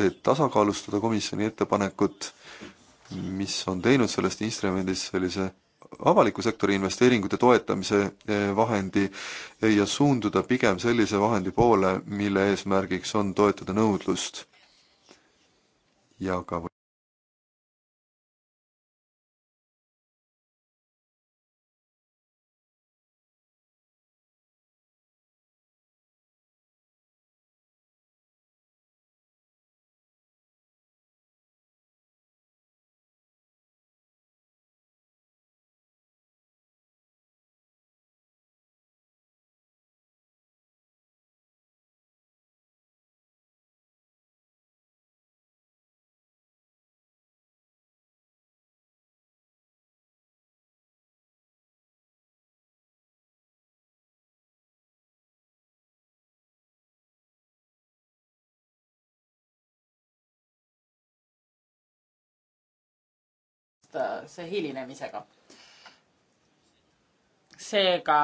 et tasakaalustada komisjoni ettepanekut, mis on teinud sellest instrumendist sellise avaliku sektori investeeringute toetamise eh, vahendi ja suunduda pigem sellise vahendi poole, mille eesmärgiks on toetada nõudlust ja ka Äh, see hilinemisega. seega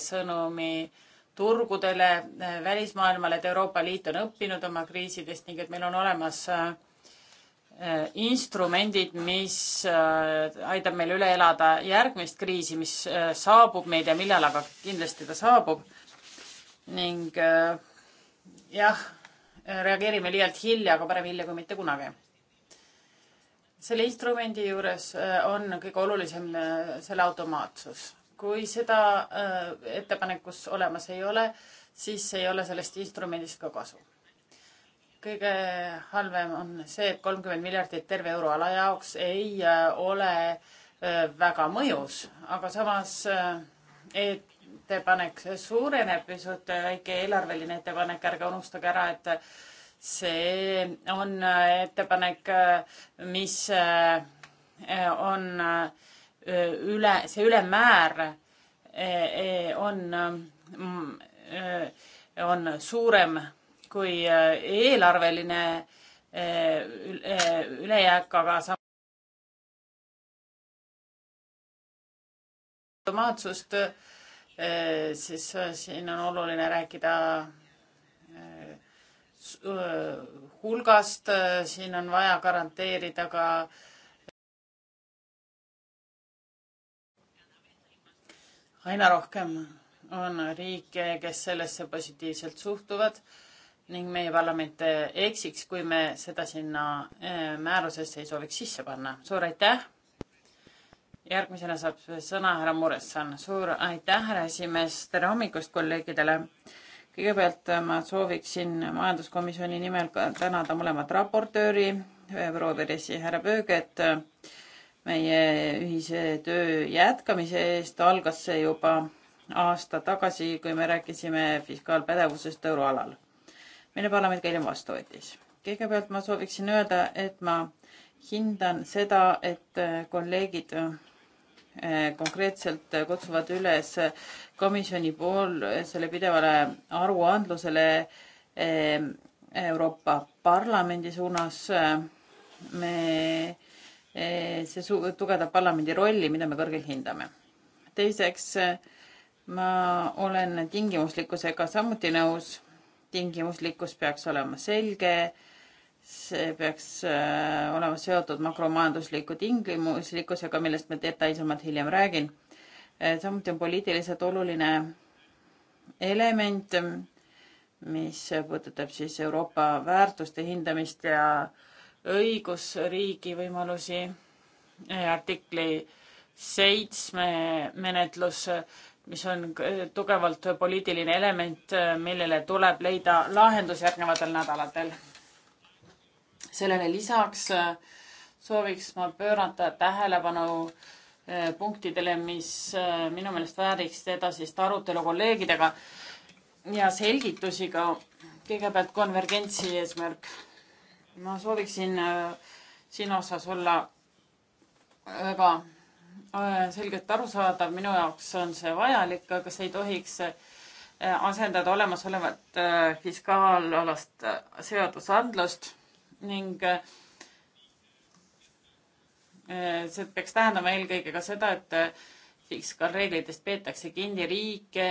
sõnumi turgudele, eh, välismaailmale, et Euroopa Liit on õppinud oma kriisidest ning et meil on olemas eh, instrumendid, mis eh, aitab meil üle elada järgmist kriisi, mis saabub, me ei tea, millal, aga kindlasti ta saabub. ning jah, reageerime liialt hilja, aga parem hilja kui mitte kunagi. selle instrumendi juures on kõige olulisem selle automaatsus kui seda äh, ettepanekus olemas ei ole, siis ei ole sellest instrumendist ka kasu. kõige halvem on see, et kolmkümmend miljardit terve euroala jaoks ei äh, ole äh, väga mõjus, aga samas ettepanek suureneb pisut, väike eelarveline ettepanek, ärge unustage ära, et see on ettepanek, mis on äh, üle, see ülemäär e, e, on, mm, e, on suurem kui eelarveline ülejääk, aga automaatsust, siis siin on oluline rääkida hulgast, siin on vaja garanteerida ka äh, aina rohkem on riike, kes sellesse positiivselt suhtuvad ning meie parlament eksiks, kui me seda sinna eh, määrusesse ei sooviks sisse panna. suur aitäh. järgmisena saab sõna härra Muresson. suur aitäh, härra esimees. tere hommikust kolleegidele. kõigepealt ma sooviksin majanduskomisjoni nimel tänada mõlemat raportööri, proua Peresi, härra Pööget meie ühise töö jätkamise eest. algas see juba aasta tagasi, kui me rääkisime fiskaalpädevusest euroalal, mille parlament ka hiljem vastu võttis. kõigepealt ma sooviksin öelda, et ma hindan seda, et kolleegid eh, konkreetselt kutsuvad üles komisjoni pool selle pidevale aruandlusele eh, Euroopa Parlamendi suunas. me Eh, see tugevdab parlamendi rolli, mida me kõrgelt hindame. teiseks, eh, ma olen tingimuslikkusega samuti nõus. tingimuslikkus peaks olema selge, see peaks eh, olema seotud makromajandusliku tingimuslikkusega, millest ma detailsemalt hiljem räägin. samuti on poliitiliselt oluline element, mis puudutab siis Euroopa väärtuste hindamist ja äh, õigusriigi võimalusi, äh, artikli seitsme menetlus, mis on tugevalt poliitiline element, äh, millele tuleb leida lahendus järgnevatel nädalatel. sellele lisaks äh, sooviks ma pöörata tähelepanu punktidele, mis minu meelest vääriks edasist arutelu kolleegidega ja selgitusi ka. kõigepealt konvergentsi eesmärk ma sooviksin äh, siin osas olla väga äh, selgelt arusaadav, minu jaoks on see vajalik, aga see ei tohiks äh, asendada olemasolevat fiskaalalast seadusandlust ning see peaks tähendama eelkõige ka seda, et fiskaalreeglitest peetakse kinni, riike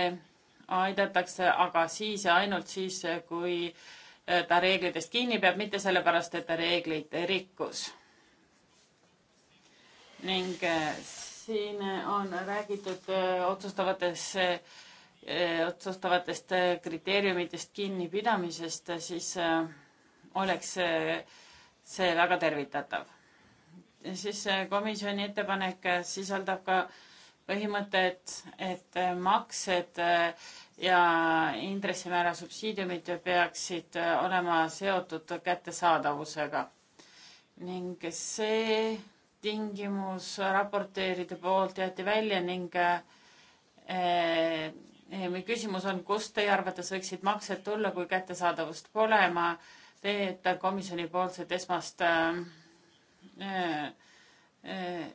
aidatakse, aga siis ja ainult siis, kui äh, Äh, ta reeglitest kinni peab, mitte sellepärast, et ta reegleid rikkus. ning äh, siin on räägitud otsustavates, äh, otsustavatest kriteeriumitest kinnipidamisest, siis oleks see väga tervitatav. siis komisjoni ettepanek sisaldab ka põhimõtet, et maksed et ja intressimäära subsiidiumid peaksid äh, olema seotud kättesaadavusega. ning see tingimus raporteeride poolt jäeti välja ning äh, äh, meie küsimus on, kust teie arvates võiksid maksed tulla, kui kättesaadavust pole? ma teetan komisjoni poolset esmast äh, äh,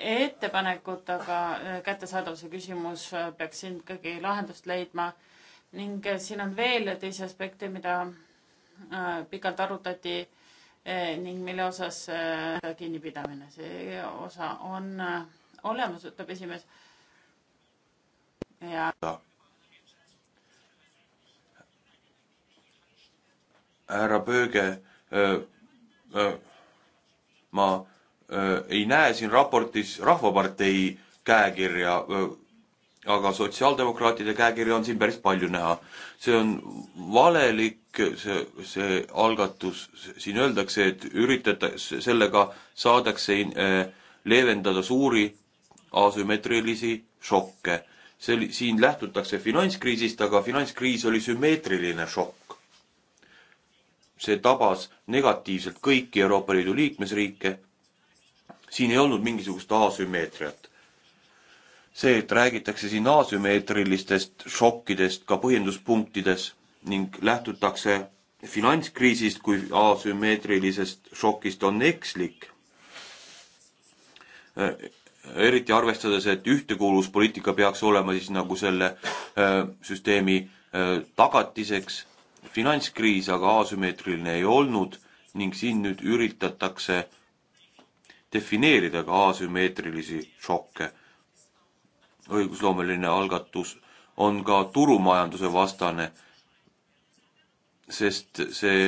ettepanekut, aga äh, kättesaadavuse küsimus äh, peaks siin ikkagi lahendust leidma. ning äh, siin on veel teisi aspekte, mida pikalt arutati ning mille osas kinnipidamine, see osa on olemas, ütleb esimees. ja. härra Pööge, ma Äh, ei näe siin raportis Rahvapartei käekirja, äh, aga sotsiaaldemokraatide käekirja on siin päris palju näha. see on valelik, see, see algatus, siin öeldakse, et üritatakse, sellega saadakse äh, leevendada suuri asümmeetrilisi šokke. see oli, siin lähtutakse finantskriisist, aga finantskriis oli sümmeetriline šokk. see tabas negatiivselt kõiki Euroopa Liidu liikmesriike siin ei olnud mingisugust asümmeetriat. see, et räägitakse siin asümmeetrilistest šokkidest ka põhjenduspunktides ning lähtutakse finantskriisist kui asümmeetrilisest šokist, on ekslik. Äh, eriti arvestades, et ühtekuuluvuspoliitika peaks olema siis nagu selle äh, süsteemi äh, tagatiseks, finantskriis aga asümmeetriline ei olnud ning siin nüüd üritatakse äh, defineerida ka asümmeetrilisi šokke. õigusloomeline algatus on ka turumajanduse vastane, sest see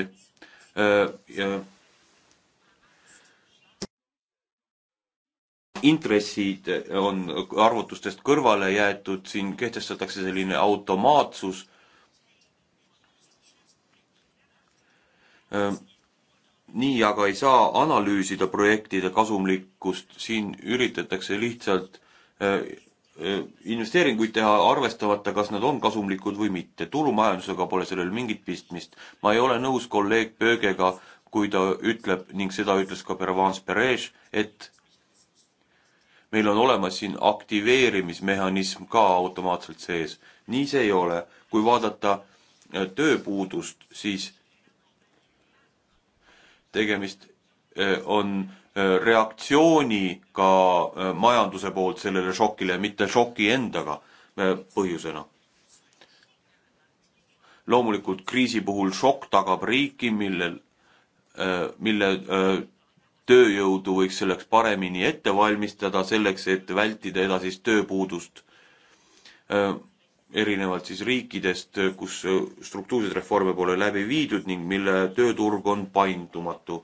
äh, äh, intressid on arvutustest kõrvale jäetud, siin kehtestatakse selline automaatsus äh, nii aga ei saa analüüsida projektide kasumlikkust, siin üritatakse lihtsalt äh, äh, investeeringuid teha, arvestamata, kas nad on kasumlikud või mitte. turumajandusega pole sellel mingit pistmist. ma ei ole nõus kolleeg Pöögega, kui ta ütleb ning seda ütles ka Pervans Perez, et meil on olemas siin aktiveerimismehhanism ka automaatselt sees. nii see ei ole. kui vaadata äh, tööpuudust, siis tegemist eh, on eh, reaktsiooniga eh, majanduse poolt sellele šokile, mitte šoki endaga põhjusena. loomulikult kriisi puhul šokk tagab riiki, millel, mille tööjõudu võiks selleks paremini ette valmistada, selleks et vältida edasist tööpuudust erinevalt siis riikidest, kus äh, struktuurseid reforme pole läbi viidud ning mille tööturg on paindumatu.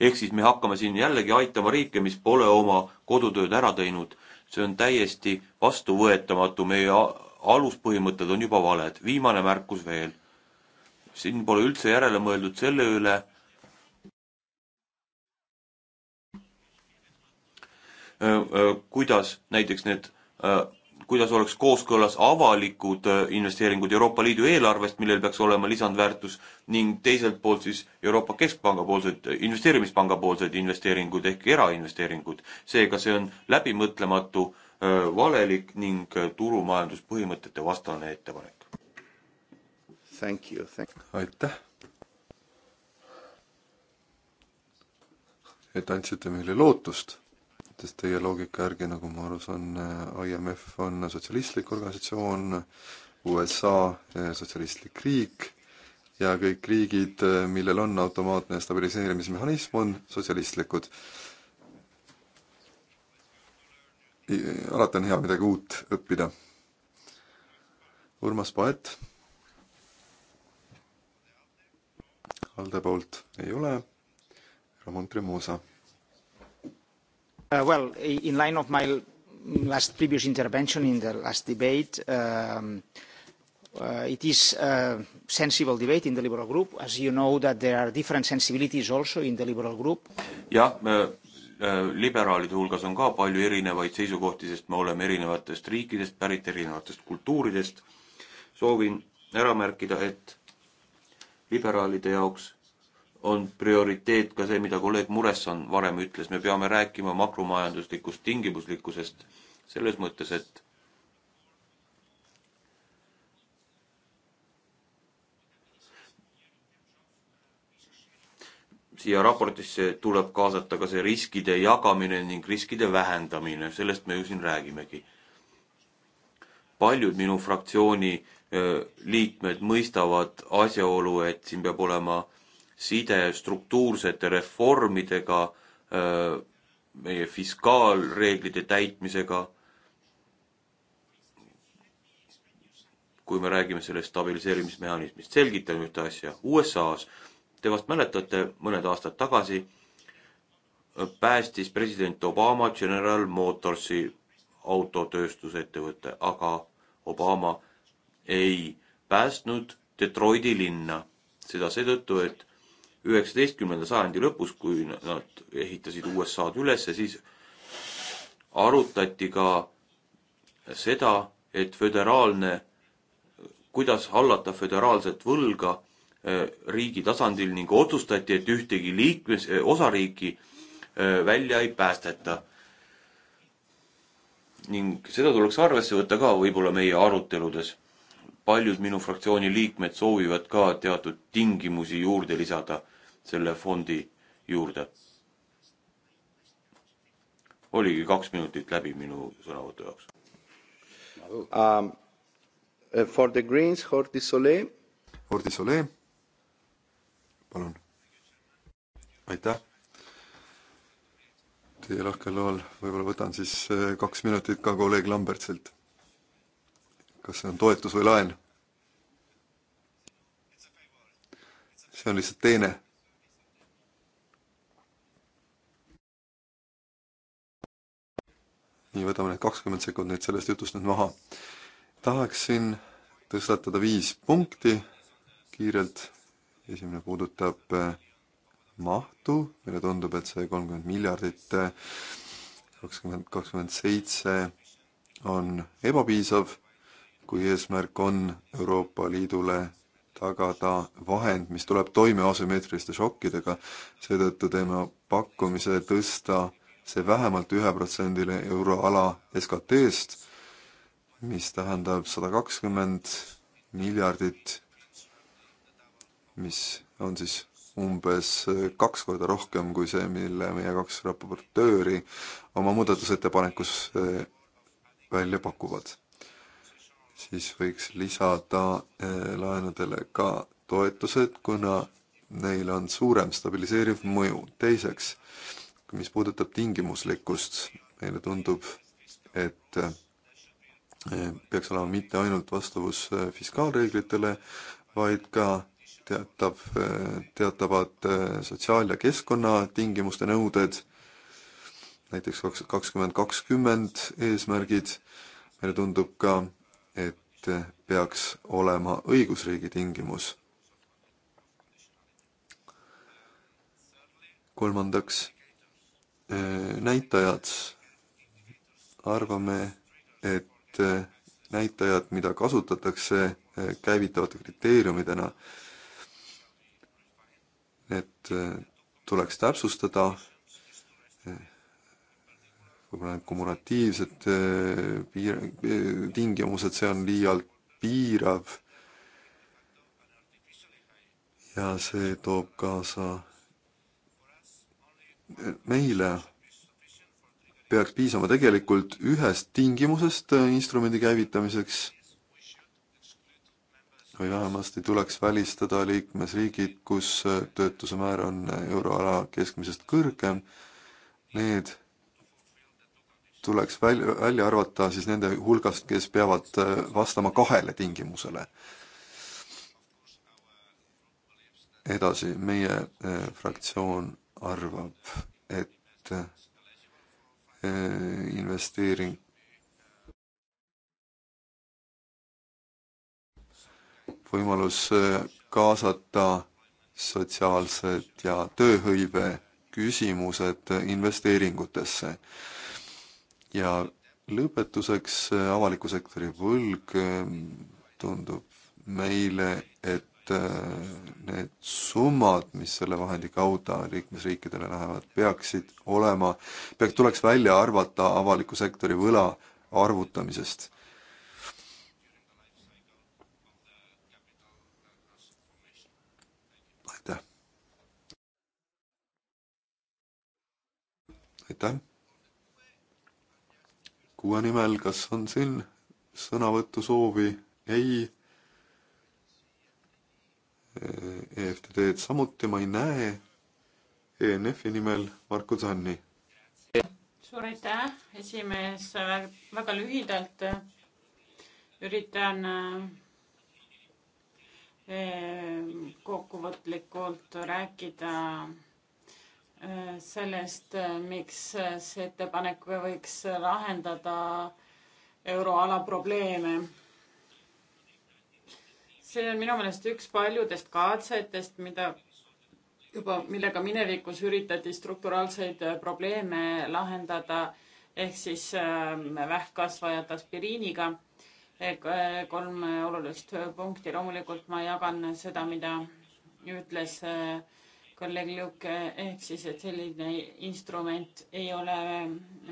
ehk siis me hakkame siin jällegi aitama riike, mis pole oma kodutööd ära teinud. see on täiesti vastuvõetamatu, meie aluspõhimõtted on juba valed. viimane märkus veel. siin pole üldse järele mõeldud selle üle, äh, äh, kuidas näiteks need kuidas oleks kooskõlas avalikud äh, investeeringud Euroopa Liidu eelarvest, millel peaks olema lisandväärtus, ning teiselt poolt siis Euroopa Keskpanga poolsed, äh, investeerimispanga poolsed investeeringud ehk erainvesteeringud. seega see on läbimõtlematu, äh, valelik ning turumajanduspõhimõtete vastane ettepanek. aitäh! et andsite meile lootust sest teie loogika järgi, nagu ma aru saan, eh, IMF on sotsialistlik organisatsioon, USA eh, sotsialistlik riik ja kõik riigid, eh, millel on automaatne stabiliseerimismehhanism, on sotsialistlikud. alati on hea midagi uut õppida. Urmas Paet. Alde poolt ei ole. Ramon Tremosa Uh, well, in line of my last previous intervention in the last debate, um, uh, it is a sensible debate in the Liberal group. As you know, that there are different sensibilities also in the Liberal group. jah, äh, liberaalide hulgas on ka palju erinevaid seisukohti, sest me oleme erinevatest riikidest pärit, erinevatest kultuuridest. soovin ära märkida, et liberaalide jaoks on prioriteet ka see, mida kolleeg Muresson varem ütles, me peame rääkima makromajanduslikust tingimuslikkusest selles mõttes, et siia raportisse tuleb kaasata ka see riskide jagamine ning riskide vähendamine, sellest me ju siin räägimegi. paljud minu fraktsiooni liikmed mõistavad asjaolu, et siin peab olema äh, side struktuursete reformidega, äh, meie fiskaalreeglite täitmisega, kui me räägime sellest stabiliseerimismehhanismist, selgitan ühte asja. USA-s, te vast mäletate, mõned aastad tagasi äh, päästis president Obama General Motorsi autotööstusettevõte, aga Obama ei päästnud Detroiti linna. seda seetõttu, et üheksateistkümnenda sajandi lõpus, kui nad ehitasid USA-d üles, siis arutati ka seda, et föderaalne, kuidas hallata föderaalset võlga äh, riigi tasandil ning otsustati, et ühtegi liikmes, äh, osariiki äh, välja ei päästeta. ning seda tuleks arvesse võtta ka võib-olla meie aruteludes paljud minu fraktsiooni liikmed soovivad ka teatud tingimusi juurde lisada selle fondi juurde. oligi kaks minutit läbi minu sõnavõtu jaoks um,. Uh, for the Greens, Hordi Solee. Hordi Solee, palun. aitäh. Teie lahkel loal võib-olla võtan siis uh, kaks minutit ka kolleeg Lambertsilt. kas see on toetus või laen? see on lihtsalt teene nii, võtame need kakskümmend sekundit sellest jutust nüüd maha. tahaksin tõstatada viis punkti kiirelt. esimene puudutab eh, mahtu, meile tundub, et see kolmkümmend miljardit, eh, kakskümmend, kakskümmend seitse on ebapiisav, kui eesmärk on Euroopa Liidule tagada vahend, mis tuleb toime asümmeetriliste šokkidega. seetõttu teeme pakkumise tõsta see vähemalt ühe protsendile euroala SKT-st, mis tähendab sada kakskümmend miljardit, mis on siis umbes kaks korda rohkem kui see, mille meie kaks raportööri oma muudatusettepanekus eh, välja pakuvad. siis võiks lisada eh, laenudele ka toetused, kuna neil on suurem stabiliseeriv mõju. teiseks, mis puudutab tingimuslikkust, meile tundub, et äh, peaks olema mitte ainult vastavus äh, fiskaalreeglitele, vaid ka teatav, äh, teatavad sotsiaal- ja keskkonnatingimuste nõuded, näiteks kaks, kakskümmend kakskümmend eesmärgid, meile tundub ka, et peaks olema õigusriigi tingimus. kolmandaks Äh, näitajad, arvame, et äh, näitajad, mida kasutatakse äh, käivitavate kriteeriumidena, need tuleks täpsustada, võib-olla need kumulatiivsed piir-, tingimused, see on liialt piirav ja see toob kaasa meile peaks piisama tegelikult ühest tingimusest äh, instrumendi käivitamiseks või vähemasti tuleks välistada liikmesriigid, kus äh, töötuse määr on äh, euroala keskmisest kõrgem. Need tuleks välja, välja arvata siis nende hulgast, kes peavad vastama kahele tingimusele. edasi, meie fraktsioon arvab, et eh, investeering võimalus eh, kaasata sotsiaalsed ja tööhõive küsimused investeeringutesse. ja lõpetuseks eh, avaliku sektori võlg tundub meile, et et äh, need summad, mis selle vahendi kaudu liikmesriikidele lähevad, peaksid olema, peaks, tuleks välja arvata avaliku sektori võla arvutamisest. aitäh. aitäh. kuue nimel, kas on siin sõnavõtusoovi? ei EFTD-d samuti ma ei näe. ENF-i nimel Marko Zanni. suur aitäh, esimees, väga lühidalt üritan e, kokkuvõtlikult rääkida e, sellest, miks see ettepanek võiks lahendada euroala probleeme see on minu meelest üks paljudest katsetest, mida juba, millega minevikus üritati strukturaalseid äh, probleeme lahendada ehk siis ähm, vähkkasvajad aspiriiniga. Äh, kolm äh, olulist punkti, loomulikult ma jagan seda, mida ütles kolleeg Luke ehk siis, et selline instrument ei ole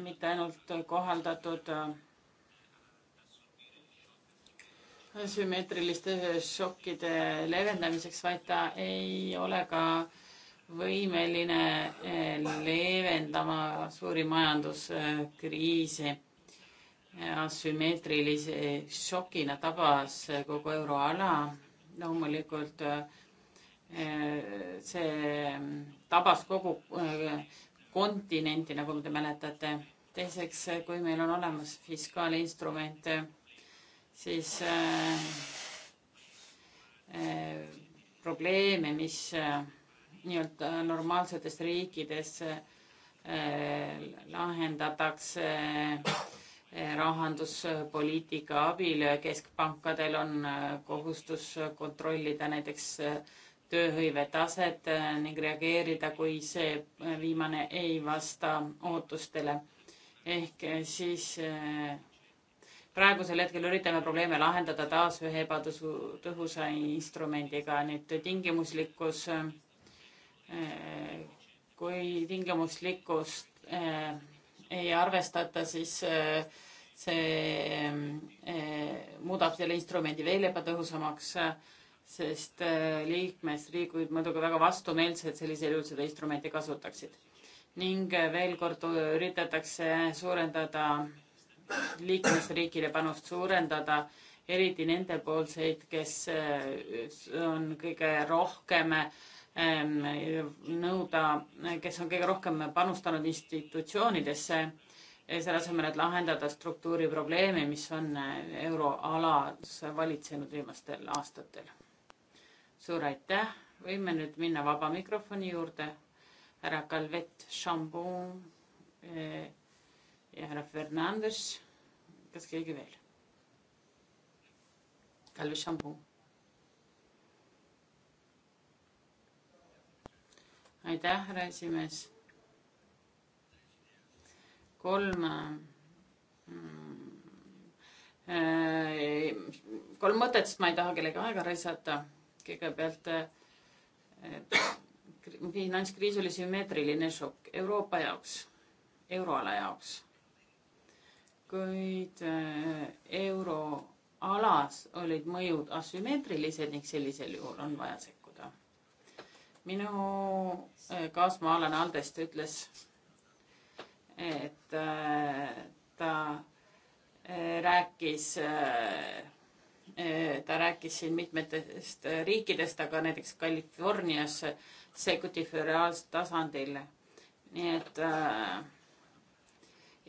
mitte ainult kohaldatud sümmeetriliste šokkide leevendamiseks, vaid ta ei ole ka võimeline eh, leevendama suuri majanduskriise. asümmeetrilise šokina tabas kogu euroala. loomulikult eh, see tabas kogu eh, kontinenti, nagu te mäletate. teiseks, kui meil on olemas fiskaalinstrumente siis äh, äh, probleeme, mis äh, nii-öelda normaalsetes riikides äh, lahendatakse äh, rahanduspoliitika abil, keskpankadel on äh, kohustus kontrollida näiteks tööhõive taset ning reageerida, kui see viimane ei vasta ootustele. ehk siis praegusel hetkel üritame probleeme lahendada taas ühe ebatõhusa instrumendiga, nüüd tingimuslikkus. Eh, kui tingimuslikkust eh, ei arvestata, siis eh, see muudab selle instrumendi veel ebatõhusamaks, sest liikmesriigid muidugi väga vastumeelsed sellisel juhul seda instrumenti kasutaksid. ning veel kord üritatakse suurendada liikmesriikide panust suurendada, eriti nendepoolseid, kes eh, on kõige rohkem ehm, nõuda, kes on kõige rohkem panustanud institutsioonidesse, eh, selle asemel, et lahendada struktuuriprobleeme, mis on eh, euroalas valitsenud viimastel aastatel. suur aitäh, võime nüüd minna vaba mikrofoni juurde. härra Calvet Chambon ja er härra Fernandes, kas er keegi veel? Kalvi Šambu. aitäh, härra esimees. kolm hmm. kolm mõtet, sest ma ei taha kellegi aega raisata. kõigepealt äh, äh, finantskriis oli sümmeetriline šokk Euroopa jaoks, euroala jaoks kuid äh, euroalas olid mõjud asümmeetrilised ning sellisel juhul on vaja sekkuda. minu äh, kaasmaalane Aldest ütles, et äh, ta rääkis, ta rääkis siin mitmetest riikidest, aga näiteks Californias sekkuti föderaalsel tasandil. nii et äh,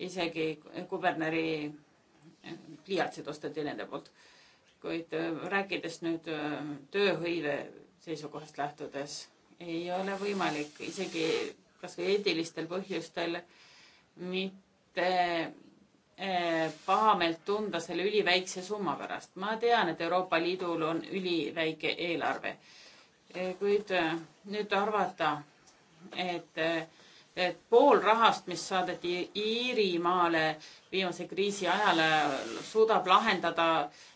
isegi kuberneri pliiatsid osteti nende poolt. kuid äh, rääkides nüüd äh, tööhõive seisukohast lähtudes, ei ole võimalik isegi kasvõi eetilistel põhjustel mitte äh, pahameelt tunda selle üliväikse summa pärast. ma tean, et Euroopa Liidul on üliväike eelarve. kuid nüüd arvata, et äh, et pool rahast, mis saadeti Iirimaale viimase kriisi ajal, suudab lahendada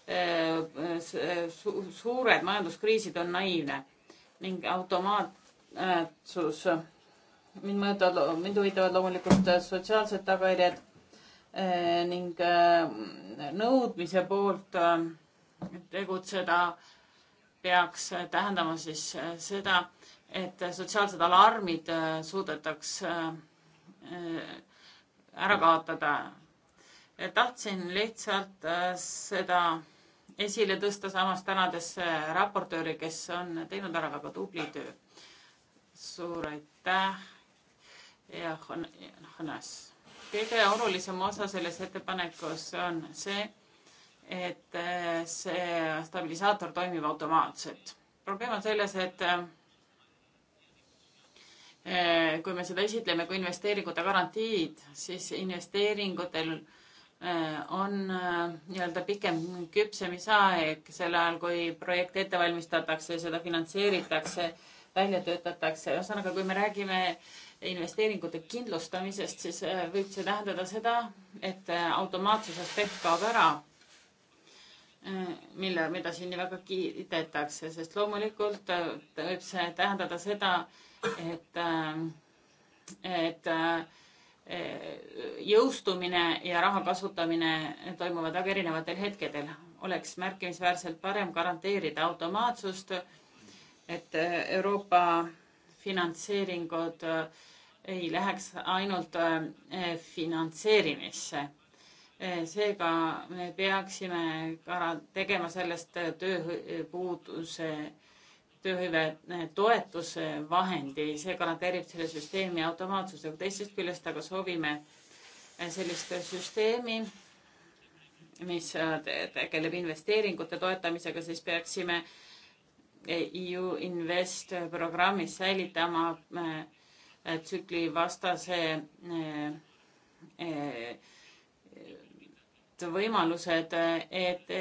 eh, su suured majanduskriisid, on naiivne ning automaatsus. mind mõjutavad, mind huvitavad loomulikult sotsiaalsed tagajärjed eh, ning eh, nõudmise poolt tegutseda peaks tähendama siis seda, et äh, sotsiaalsed alarmid äh, suudetaks äh, ära kaotada. tahtsin lihtsalt seda esile tõsta, samas tänades raportööri, kes on teinud ära väga tubli töö. suur aitäh ja Hannes. kõige olulisem osa selles ettepanekus on see, et see stabilisaator toimib automaatselt. probleem on selles, et Eh, kui me seda esitleme kui investeeringute garantiid, siis investeeringutel eh, on eh, nii-öelda pikem küpsemisaeg sel ajal, kui projekt ette valmistatakse, seda finantseeritakse, välja töötatakse. ühesõnaga, kui me räägime investeeringute kindlustamisest, siis võib see tähendada seda, et automaatsus aspekt kaob ära, mille, mida siin nii väga kiidetakse, sest loomulikult võib see tähendada seda, et et, äh, et äh, jõustumine ja raha kasutamine toimuvad väga erinevatel hetkedel. oleks märkimisväärselt parem garanteerida automaatsust, et äh, Euroopa finantseeringud ei läheks ainult finantseerimisse. seega me peaksime tegema sellest tööpuuduse tööhõive eh, toetusvahendi, see garanteerib selle süsteemi automaatsuse, teisest küljest aga soovime eh, sellist süsteemi, mis eh, tegeleb investeeringute toetamisega, siis peaksime EU e Invest programmis säilitama tsükli vastase võimalused, et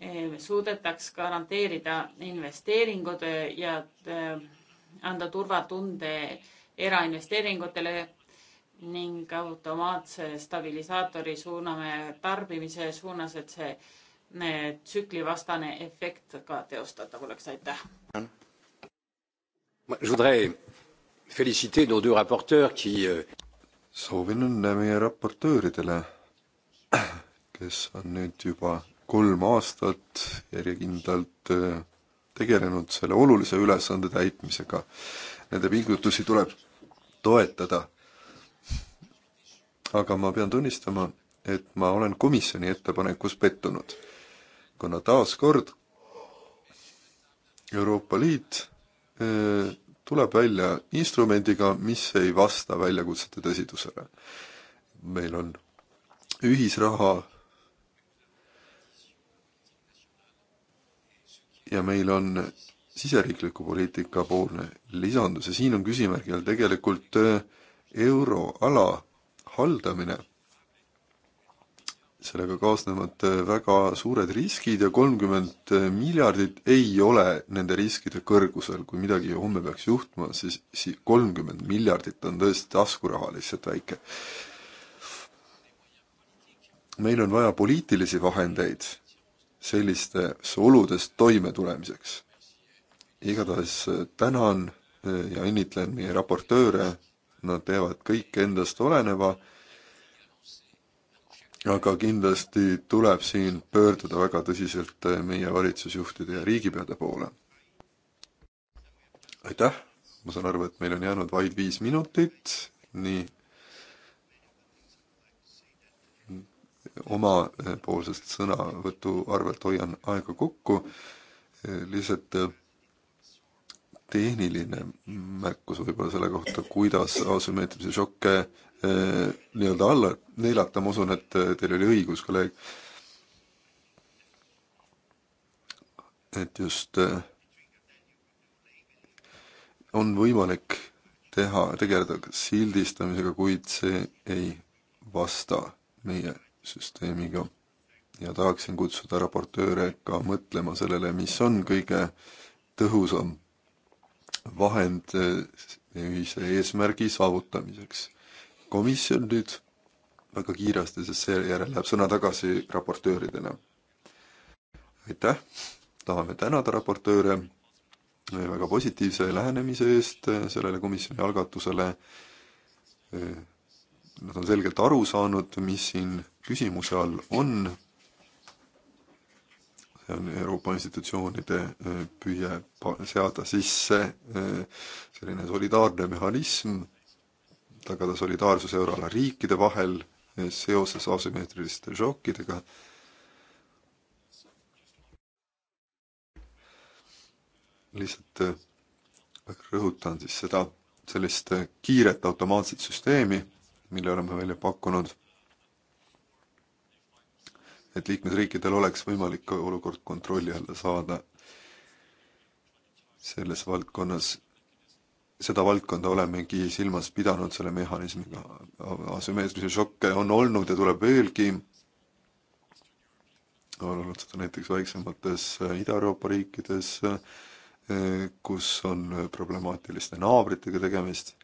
Eh, suudetaks garanteerida investeeringud eh, ja eh, anda turvatunde erainvesteeringutele ning automaatse stabilisaatori suuname tarbimise suunas, et see tsüklivastane efekt ka teostatav oleks, aitäh. Euh, soovin õnne meie raportööridele, kes on nüüd juba kolm aastat järjekindlalt äh, tegelenud selle olulise ülesande täitmisega. Nende pingutusi tuleb toetada. aga ma pean tunnistama, et ma olen komisjoni ettepanekus pettunud, kuna taaskord Euroopa Liit äh, tuleb välja instrumendiga, mis ei vasta väljakutsete tõsidusele. meil on ühisraha ja meil on siseriikliku poliitika poolne lisandus ja siin on küsimärgi all tegelikult äh, euroala haldamine. sellega kaasnevad äh, väga suured riskid ja kolmkümmend äh, miljardit ei ole nende riskide kõrgusel, kui midagi homme peaks juhtuma, siis kolmkümmend miljardit on tõesti taskuraha lihtsalt väike. meil on vaja poliitilisi vahendeid sellistes oludes toimetulemiseks. igatahes äh, tänan äh, ja õnnitlen meie raportööre, nad teevad kõik endast oleneva, aga kindlasti tuleb siin pöörduda väga tõsiselt äh, meie valitsusjuhtide ja riigipeade poole. aitäh, ma saan aru, et meil on jäänud vaid viis minutit, nii omapoolsest sõnavõtu arvelt hoian aega kokku, lihtsalt äh, tehniline märkus võib-olla selle kohta, kuidas asümmeetrilisi šokke äh, nii-öelda alla neelata, ma usun, et äh, teil oli õigus, kolleeg. et just on võimalik teha, tegeleda sildistamisega, kuid see ei vasta meie süsteemiga ja tahaksin kutsuda raportööre ka mõtlema sellele, mis on kõige tõhusam vahend eh, meie ühise eesmärgi saavutamiseks. komisjon nüüd väga kiiresti, sest seejärel läheb sõna tagasi raportööridele. aitäh, tahame tänada raportööre väga positiivse lähenemise eest eh, sellele komisjoni algatusele eh, Nad on selgelt aru saanud, mis siin küsimuse all on. see on Euroopa institutsioonide e, püüe seada sisse e, selline solidaarne mehhanism, tagada solidaarsus euroala riikide vahel e, seoses asümmeetriliste šokkidega lihtsalt rõhutan siis seda sellist kiiret automaatset süsteemi, mille oleme välja pakkunud, et liikmesriikidel oleks võimalik olukord kontrolli alla saada selles valdkonnas. seda valdkonda olemegi silmas pidanud selle mehhanismiga. asümmeetrilisi šokke on olnud ja tuleb veelgi on olnud seda näiteks väiksemates Ida-Euroopa riikides, eh, kus on problemaatiliste naabritega tegemist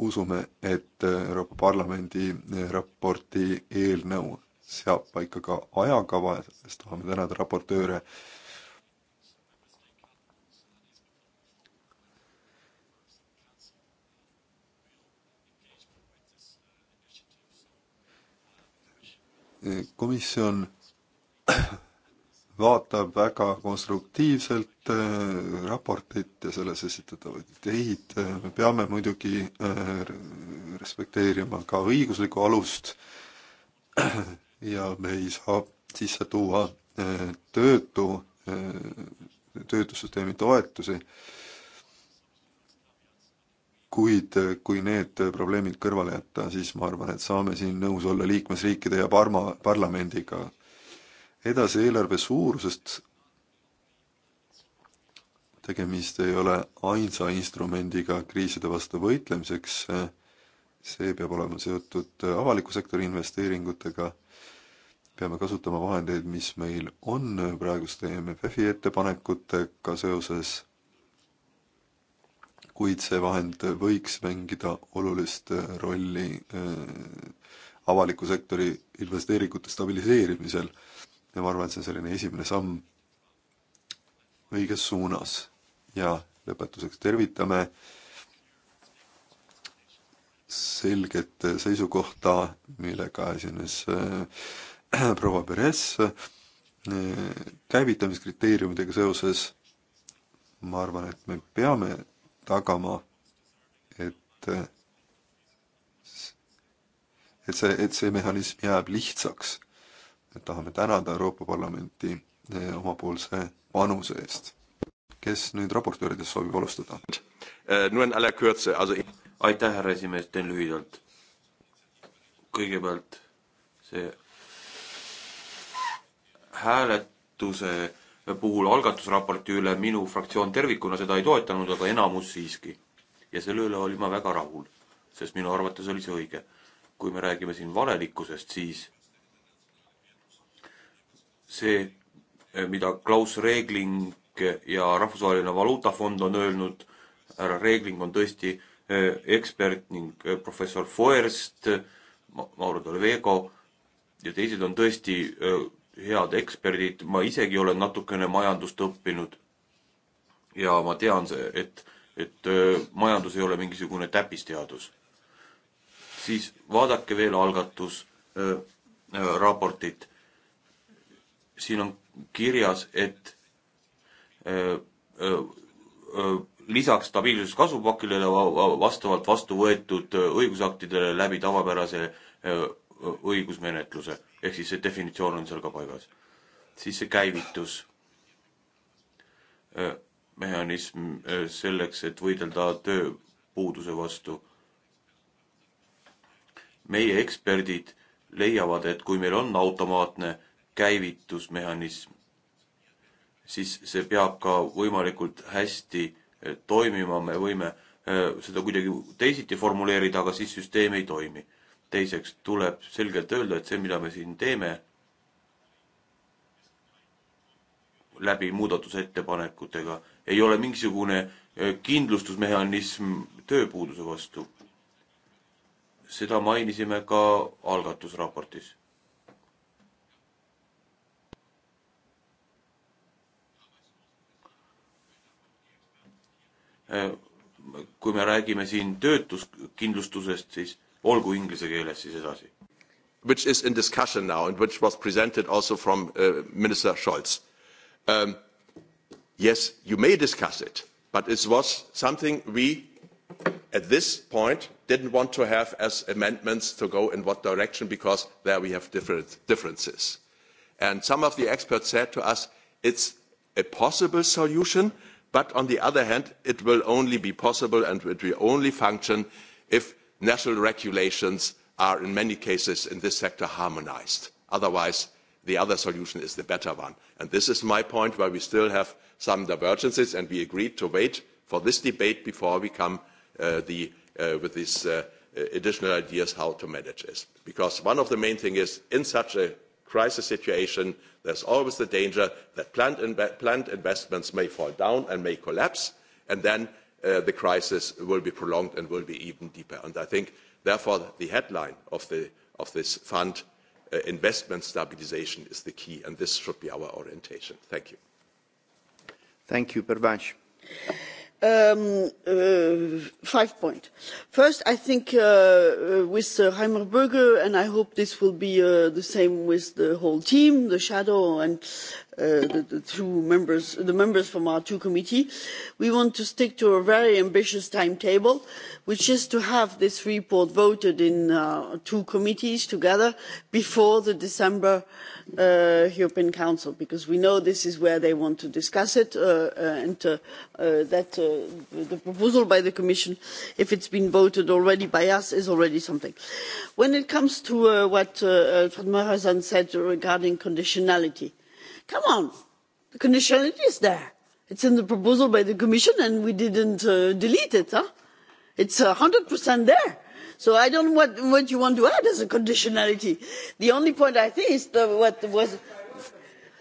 usume, et äh, Euroopa Parlamendi äh, raporti eelnõu seab paika ka ajakava ja sellest tahame tänada raportööre. Äh, komisjon vaatab väga konstruktiivselt äh, raportit ja selles esitatavaid ideid. Äh, me peame muidugi äh, respekteerima ka õiguslikku alust ja me ei saa sisse tuua töötu, töötussüsteemi toetusi, kuid kui need probleemid kõrvale jätta, siis ma arvan, et saame siin nõus olla liikmesriikide ja parma, parlamendiga edasi eelarve suurusest. tegemist ei ole ainsa instrumendiga kriiside vastu võitlemiseks. see peab olema seotud avaliku sektori investeeringutega. peame kasutama vahendeid, mis meil on praeguste MFF-i ettepanekutega seoses. kuid see vahend võiks mängida olulist rolli eh, avaliku sektori investeeringute stabiliseerimisel ja ma arvan, et see selline esimene samm õiges suunas. ja lõpetuseks tervitame selget seisukohta, millega esines äh, proua Peres äh, käivitamiskriteeriumidega seoses. ma arvan, et me peame tagama, et äh, et see, et see mehhanism jääb lihtsaks tahame tänada Euroopa Parlamenti eh, omapoolse panuse eest. kes nüüd raportööridest soovib alustada? Eh, aitäh, härra esimees, teen lühidalt. kõigepealt see hääletuse puhul algatusraporti üle minu fraktsioon tervikuna seda ei toetanud, aga enamus siiski. ja selle üle olin ma väga rahul, sest minu arvates oli see õige. kui me räägime siin valelikkusest, siis see, eh, mida Klaus Regling eh, ja Rahvusvaheline Valuutafond on öelnud, härra Regling on tõesti eh, ekspert ning professor Foerst, Mauro Dolvego ja teised on tõesti head eksperdid, ma isegi olen natukene majandust õppinud. ja ma tean, et, et majandus ei ole mingisugune täppisteadus. siis vaadake veel algatus äh, raportit siin on kirjas, et öö, äh, öö, äh, äh, lisaks stabiilsus kasvupakile vastavalt vastu võetud õigusaktidele läbi tavapärase õigusmenetluse, ehk siis see definitsioon on seal ka paigas. siis see käivitus mehhanism selleks, et võidelda tööpuuduse vastu. meie eksperdid leiavad, et kui meil on automaatne käivitusmehhanism, siis see peab ka võimalikult hästi eh, toimima, me võime eh, seda kuidagi teisiti formuleerida, aga siis süsteem ei toimi. teiseks tuleb selgelt öelda, et see, mida me siin teeme läbi muudatusettepanekutega, ei ole mingisugune eh, kindlustusmehhanism tööpuuduse vastu. seda mainisime ka algatusraportis Äh, kui me räägime siin töötuskindlustusest, siis olgu inglise keeles siis edasi. Which is in discussion now and which was presented also from uh, Minister Scholz um,. Yes, you may discuss it, but it was something we at this point didn't want to have as amendments to go in what direction because there we have different differences. And some of the experts said to us, it's a possible solution, But on the other hand, it will only be possible and it will only function if national regulations are in many cases in this sector harmonized. Otherwise, the other solution is the better one. And this is my point where we still have some divergences and we agreed to wait for this debate before we come uh, the, uh, with these uh, additional ideas how to manage this. Because one of the main things is in such a crisis situation, there's always the danger that planned investments may fall down and may collapse, and then uh, the crisis will be prolonged and will be even deeper. And I think, therefore, the headline of, the, of this fund, uh, investment stabilization, is the key, and this should be our orientation. Thank you. Thank you, Pervanch. Um, uh, five points. First, I think uh, uh with uh, Reimer Berger, and I hope this will be uh, the same with the whole team, the shadow and uh, the, the two members, the members from our two committee, we want to stick to a very ambitious timetable, which is to have this report voted in uh, two committees together before the December uh, uh, European Council, because we know this is where they want to discuss it, uh, uh, and uh, uh, that uh, the proposal by the Commission, if it's been voted already by us, is already something. When it comes to uh, what uh, uh Fred Morazan said regarding conditionality, come on, the conditionality is there. It's in the proposal by the Commission, and we didn't uh, delete it. Huh? It's 100% there so i don't know what, what you want to add as a conditionality. the only point i think is the, what was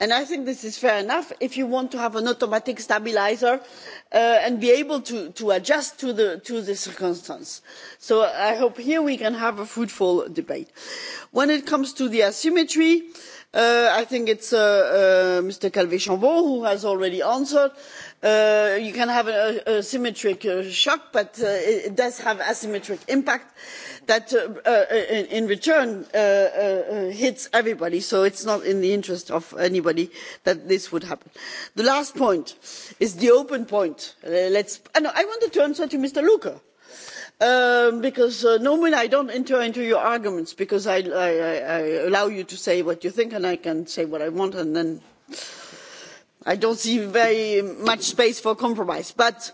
and i think this is fair enough if you want to have an automatic stabiliser uh, and be able to, to adjust to the, to the circumstance. so i hope here we can have a fruitful debate. when it comes to the asymmetry uh, i think it's uh, uh mr calvet chambon who has already answered. Uh, you can have a, a symmetric uh, shock but uh, it does have asymmetric impact that uh, uh, uh, in, in return hits everybody so it's not in the interest of anybody that this would happen. the last point is the open point. No, i wanted to answer to mr louca um, because normally i don't enter into your arguments because I, I, I allow you to say what you think and i can say what i want and then i don't see very much space for compromise but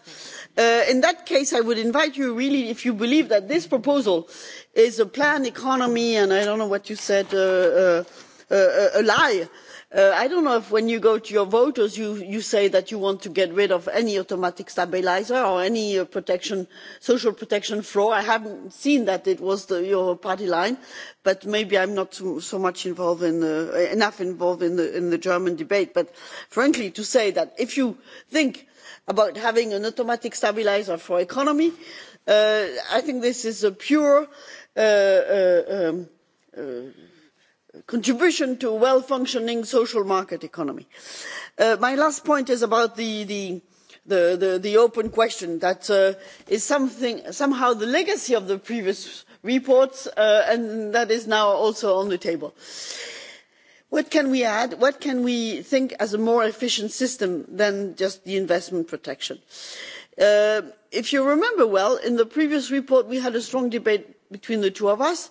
uh, in that case i would invite you really if you believe that this proposal is a planned economy and i don't know what you said uh, uh, uh, uh a lie Uh, i do not know if when you go to your voters you, you say that you want to get rid of any automatic stabiliser or any uh, protection, social protection floor. i have not seen that it was the, your party line but maybe i am not so, so much involved in, uh, enough involved in the, in the german debate. but frankly to say that if you think about having an automatic stabiliser for the economy uh, i think this is a pure uh, uh, um, contribution to a well functioning social market economy. Uh, my last point is about the, the, the, the, the open question that uh, is something, somehow the legacy of the previous reports uh, and that is now also on the table. What can we add? What can we think as a more efficient system than just the investment protection? Uh, if you remember well, in the previous report we had a strong debate between the two of us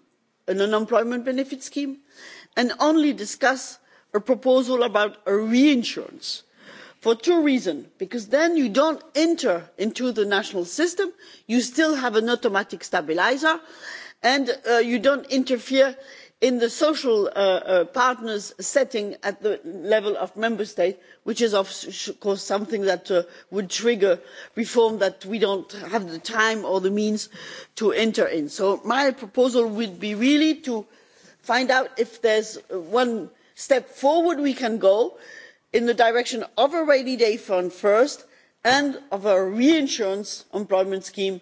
an unemployment benefit scheme and only discuss a proposal about a reinsurance for two reasons because then you do not enter into the national system you still have an automatic stabiliser and uh, you do not interfere in the social uh, uh, partners setting at the level of member states which is of course something that uh, would trigger reform that we do not have the time or the means to enter into. so my proposal would be really to find out if there is uh, one step forward we can go in the direction of a rainy day fund first and of a reinsurance employment scheme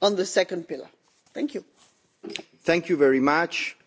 on the second pillar. thank you. thank you very much